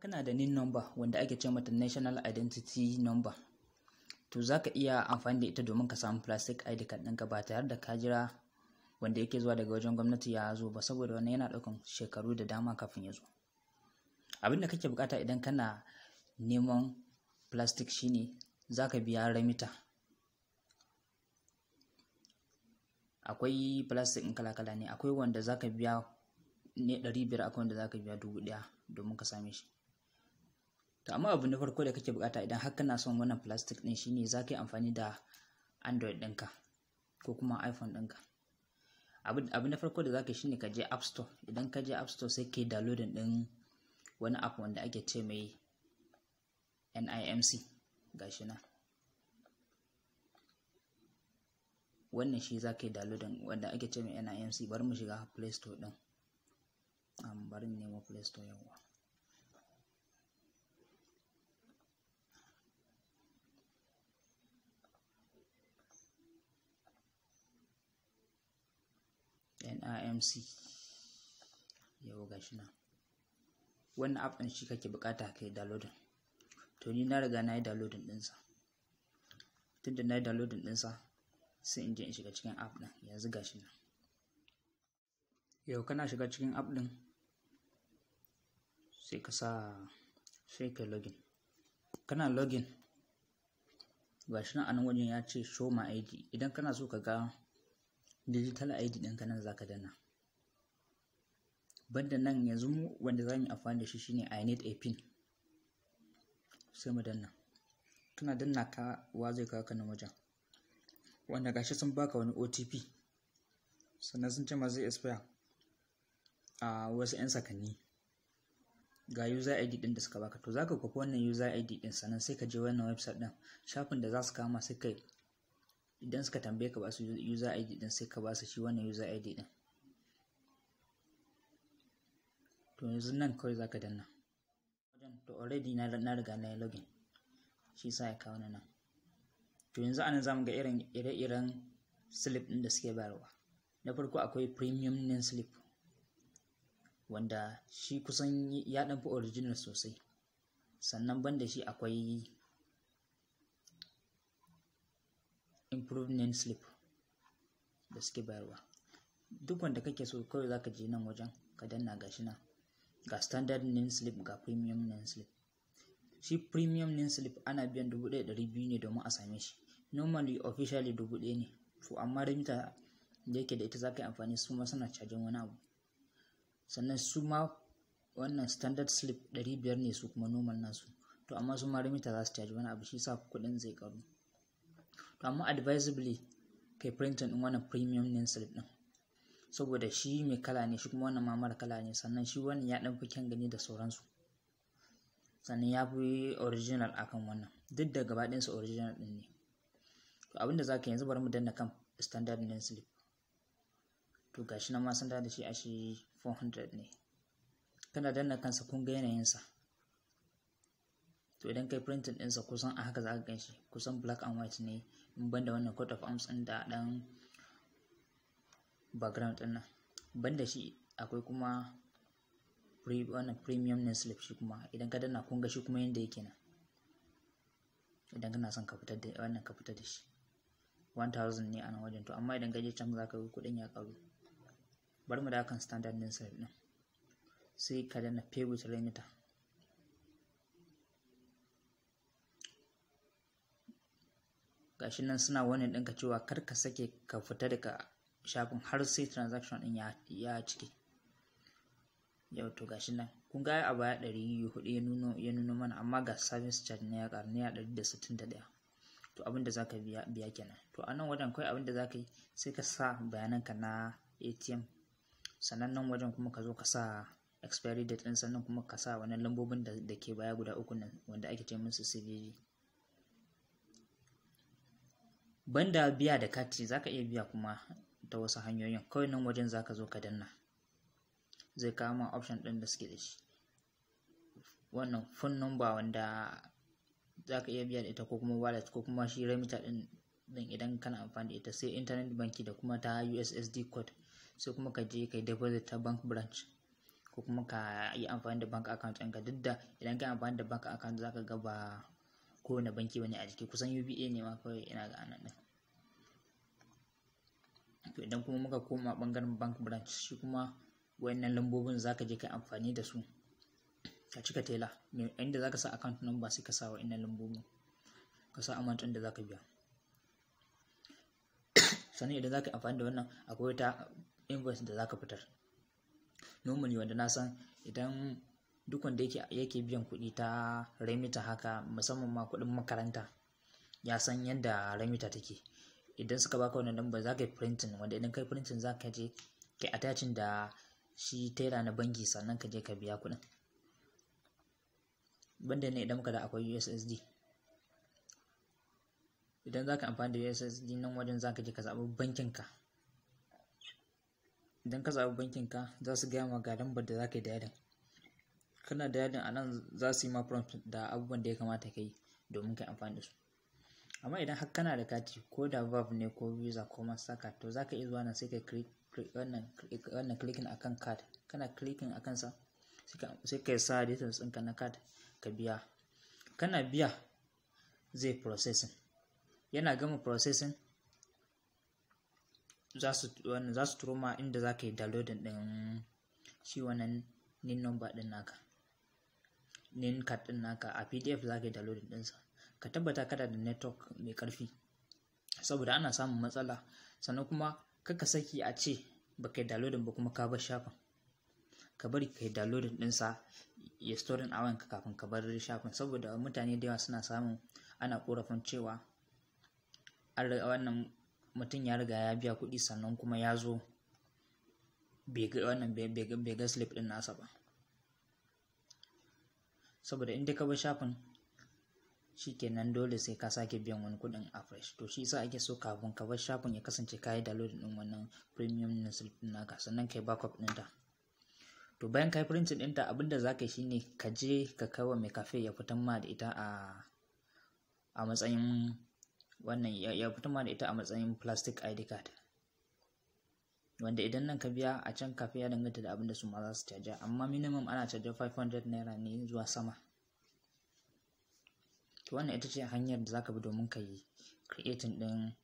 kana da nin number wanda ake ce mata national identity number to za ka iya amfani da ita domin ka samu plastic id card ɗinka ba tare da ka jira wanda yake zuwa daga wajen gwamnati ya zo ba saboda wannan yana ɗaukan shekaru da dama kafin ya zo abin da kake bukata idan kana neman plastic shine za ka biya remita akwai plastic in kala kala ne akwai wanda zaka biya ne ɗari biyar akwai wanda zaka biya dubu ɗaya domin ka same shi to amma abu na farko da kake bukata idan har kana son wannan plastic ɗin shine za ka yi amfani da android ɗinka ko kuma iphone ɗinka abu na farko da za ka yi shine ka je app store idan ka je app store sai ka yi downloading ɗin wani app wanda ake ce mai nimc gashi nan wannan shi za ka yi downloadin wanda ake ce mai nimc bari mu shiga play store ɗin Am bari mu nemo play store yawa nimc ga shi nan wannan app ɗin shi kake buƙata ka yi downloadin to ni na riga na yi downloadin ɗinsa tunda na yi downloadin ɗinsa sai in je in shiga cikin app ɗin yanzu ga shi nan yau kana shiga cikin app ɗin sai ka sa sai ka login kana login ga shi nan a nan wajen ya ce show my id idan kana so ka ga digital id ɗinka nan za ka dana banda nan yanzu mu wanda za mu yi amfani da shi shine i need a pin sai mu danna kana danna ka wa zai kawo ka nan wajen wanda gashi sun baka wani otp sannan sun ce ma zai expire a wasu 'yan sakanni ga user id din da suka baka to zaka kwafi wannan user id din sannan sai ka je wannan website din shafin da za su kama sai kai. idan suka tambaye ka ba su user id din sai ka ba su shi wannan user id din to yanzu nan kawai zaka danna to already na riga na yi login shi sa ya kawo nan to yanzu anan zamu ga irin ire-iren slip ɗin da suke bayarwa na farko akwai premium nin slip wanda shi kusan ya ɗan fi original sosai sannan banda shi akwai improved nin slip da suke bayarwa duk wanda kake so kawai zaka je nan wajen ka danna ga shi nan ga standard nin slip ga premium nin slip shi premium nin slip ana biyan dubu ɗaya ɗari biyu ne domin a same shi normally officially dubu ɗaya ne to amma remita da yake da ita za ka yi amfani su ma suna cajin wani abu sannan su ma wannan standard slip ɗari biyar ne su kuma normal nasu to amma su ma remita za su caji wani abu shi sa kuɗin zai karu to amma advisably kai printing ɗin wannan premium ne slip ɗin saboda shi mai kala ne shi kuma wannan ma mara kala ne sannan shi wannan ya ɗan fi kyan gani da sauransu sannan ya fi original akan wannan duk da gaba ɗinsa original ɗin ne to abin da za ka yanzu bari mu danna kan standard name slip to shi nan ma sun da shi a shi 400 ne kana danna kansa kun ga yanayinsa to idan kai printing ɗinsa kusan a haka za ka gan shi kusan black and white ne in banda wannan coat of arms ɗin da ɗan background ɗin nan banda shi akwai kuma wannan premium name slip shi kuma idan ka danna kun ga shi kuma yanda yake nan idan kana son ka fitar da wannan ka fitar da shi 1000 ne a nan wajen to amma idan ka je can za ka ga kuɗin ya ƙaru Bar mu da kan standard din sai ɗin sai ka danna pay with remitter gashi nan suna wani ɗinka cewa kar ka sake ka fita daga shafin har sai transaction ɗin ya cike yau to gashi nan kun ga a baya ɗari nuno ya nuno mana amma ga service charge na ya karu ne ɗari da sittin to abin da zaka biya biya kenan to a nan wajen kawai abin da zaka yi sai ka sa bayananka na ATM sannan nan wajen kuma ka zo ka sa expiry date ɗin sannan kuma ka sa wannan lambobin da ke baya guda uku nan wanda ake ce musu CVV banda biya da kati zaka iya biya kuma ta wasu hanyoyin kawai nan wajen zaka zo ka danna zai kama option ɗin da suke da shi wannan phone number wanda za ka iya biya da ita ko kuma wallet ko kuma shi remita ɗin din idan kana amfani da ita sai internet banki da kuma ta ussd code sai kuma ka je kai deposit ta bank branch ko kuma ka yi amfani da bank account ɗinka duk da idan ka yi amfani da bank account za ka ga ba kowane banki bane a jiki kusan uba ne ma kawai ina ga anan din to idan kuma muka koma ɓangaren bank branch shi kuma wayannan lambobin za ka je ka yi amfani da su ka cika tela inda za ka sa account number sai ka sa wa ina lambobin ka sa amount inda za ka biya sannan idan za ka amfani da wannan akwai wata invoice da za ka fitar normally wanda na san idan duk wanda yake yake biyan kuɗi ta remita haka musamman ma kuɗin makaranta ya san yadda remita take idan suka baka wannan number za ka yi printing wanda idan kai printing za ka je kai attaching da shi tera na banki sannan ka je ka biya kuɗin banda ne idan muka da akwai ussd idan za ka amfani da ussd nan wajen za ka je ka zaɓi bankinka idan ka zaɓi bankinka za su gaya ma ga lambar da za ka yi dayalin kana dayalin a nan za su yi ma prompt da abubuwan da ya kamata ka yi domin ka yi amfani da su amma idan har kana da kati ko da verb ne ko visa ko mastercard to za ka iya zuwa nan sai ka wannan clicking akan card kana clicking akan sa sai ka sa details ɗinka na kad ka biya kana biya zai processing yana gama processing za su turo ma inda za ka yi downloading ɗin shi wannan nin number ɗin naka nin card ɗin naka a pdf za ka yi downloading ɗinsa ka tabbata kada da network mai ƙarfi saboda ana samun matsala sannan kuma kaka saki a ce baka yi downloading ba kuma ka bar shafin ka bari kai yi downloading ɗinsa ya storing a wayanka kafin ka bar shafin saboda mutane da yawa suna samun ana korafin cewa an riga wannan mutum ya riga ya biya kuɗi sannan kuma ya zo wannan bai ga slip ɗin nasa ba saboda inda ka bar shafin shikenan dole sai ka sake biyan wani kuɗin a fresh to shi yasa ake so kafin ka bar shafin ya kasance ka yi download ɗin wannan premium na slip ɗin naka sannan kai backup ɗin ta to bayan kai printing ɗinta abinda za ka yi shine ka je ka kawo mai kafe ya fitan ma da ita a a matsayin wannan ya fitan ma da ita a matsayin plastic id card wanda idan nan ka biya a can kafe ya danganta da abinda su ma za su caja amma minimum ana caja 500 naira ne zuwa sama to wannan ita ce hanyar da za ka bi domin ka yi creating ɗin